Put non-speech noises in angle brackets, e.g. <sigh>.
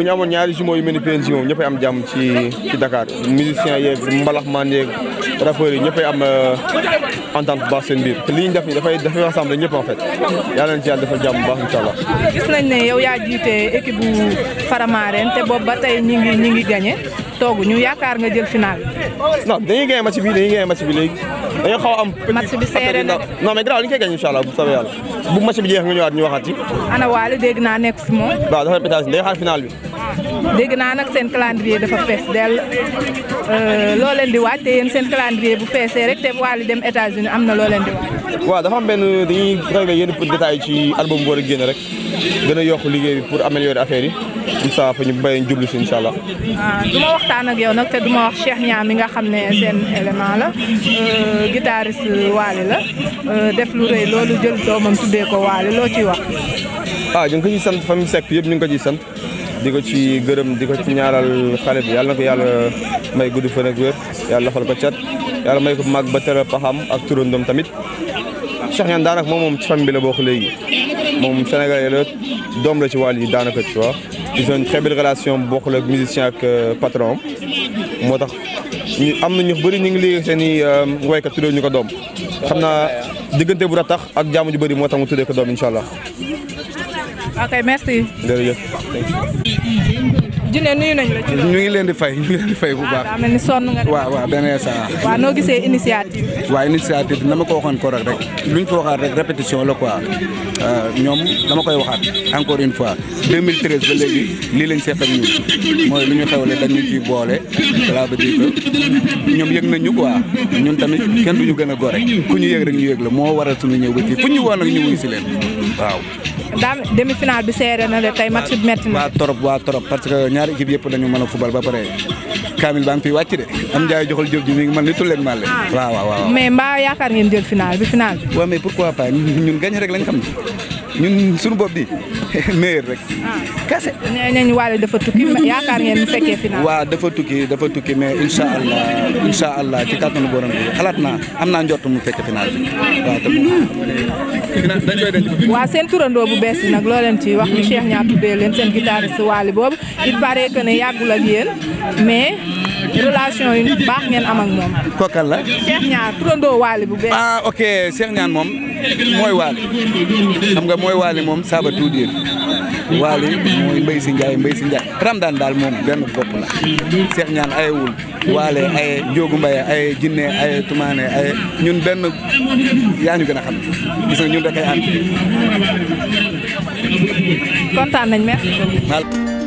bu ñu ñaari jumeaux yi mel ni PNJ moom ñëppay am jàmm ci ci Dakar musiciens yeeg mbalaxmaan yeeg rappeurs yi ñëppay am euh, entente bu baax seen biir te li ñu def nii dafay dafay rassemble ñëpp en fait yàlla nañ ci yàlla defal jàmm baax incha allah. gis nañ ne yow yaa jiite équipe bu Faramareen te boobu ba tey ñi ñu ñi ngi gagné. toog ñu yaakaar nga jël final bi. non dañuy gagné match bi dañuy bi léegi dañoo xaw a am. match bi seere na non mais garaaw li ñu koy gagné incha allah bu soobee yàlla bu match bi jeex nga ñëwaat ñu waxaat ci. ana Waly dégg naa nekk fi moom. waaw dafa pétage day xaar ah. naa nag seen calendrier dafa fees dell euh, loo leen di waaj te yéen seen calendrier bu feesee rek te Waly dem États-Unis am na loo leen di waaj. waaw dafa am benn dañuy régler yenn petits détails ci album bu war a génn rek gën a liggéey bi pour améliorer affaire yi incha allah ñu béy jublu si incha allah. waaw ah, du ma waxtaan ak yow nag te du ma wax Cheikh Niang mi nga xam ne seen élément la euh, guitariste Waly la euh, def lu rëy loolu jël doomam tuddee ko Waly loo ciy wax. ah ñu ngi ko ciy sant famille Seck yëpp ñu ngi ko ciy sant di ko ci gërëm di ko ci ñaaral xale bi yàlla na ko yàlla may gudd fan ak wér yàlla xol ko cat yàlla may ko mag ba tere paxam ak turandoom tamit Cheikh Niang daanaka moom moom ci famille bi la bokk léegi moom Sénégalais la doom la ci Waly yi daanaka tu vois. ils ont une belle relation bu bokkul ak musicien ak euh, patron moo tax ñu am na ñu bëri ñu ngi léegi seen i euh, woykat tuddee ñu ko doom xam naa diggante bu tax ak jaamu ju bari moo tax mu tuddee ko doom incha allah. ok merci. jërëjëf. Jine nuyu nañ la. ñu ngi leen di fay ñu leen di fay bu ah, baax. ah daa mel ni sonn nga. waaw waaw beneen saa. waaw noo gisee initiative. waaw initiative na ma ko waxoon ko rek rek luñ ko waxaat rek répétition la quoi euh, ñoom dama koy waxaat encore une fois 2013 ba léegi lii lañ see ak ñun mooy lu ñu xewle dañ ñu ciy boole cela veut dire ñoom yëg nañ ñu quoi tamit kenn du ñu gën a gore ku ñu yëg rek ñu yëg la moo waral suñu ñëw ba fii fu ñu woon ak ñu wuy si leen waaw. daal demi final bi seere na de tey match bi métti na. waa trop waa trop parce que ñaari équipe yëpp dañu mën a fubal ba pare Kamil baa ngi fiy wàcc de. am jaay joxal jëf ji mi ngi mel ni tulleeg maale. Ah. waaw waaw waaw mais mbaa yaakaar ngeen jël final bi final bi. waaw mais pourquoi pas ñun gagné rek lañ xam ñun suñu bopp bi meilleur <laughs> rek. Ah. kese nee nañ dafa tukki yaakaar ngeen mu fekkee final. waa dafa tukki dafa mais incha allah incha allah ci kàttanu borom bi xalaat naa am naa njort mu fekkee final bi waaw te seen turandoo bu bees bi nag loo ci wax mu Cheikh ñaar tuddee leen seen guitariste Wally boobu il paraît ne yàggul ak yéen mais. relation yu baax ngeen am ak moom. kookal la. Cheikh Niang turandoo Waly bu bees. ah ok Cheikh Niang moom mooy Waly xam nga mooy Waly moom ça veut tout dire Waly mbay si Ndiaye Mbaye si Ndiaye Ramdaan daal moom benn bopp la Cheikh Niang ayewul Waly aye Ndiogu Mbaye aye Jinne aye Tumaane aye ñun benn yaa ñu gën a xam gis nga ñun da koy ànd. kontaan nañ merci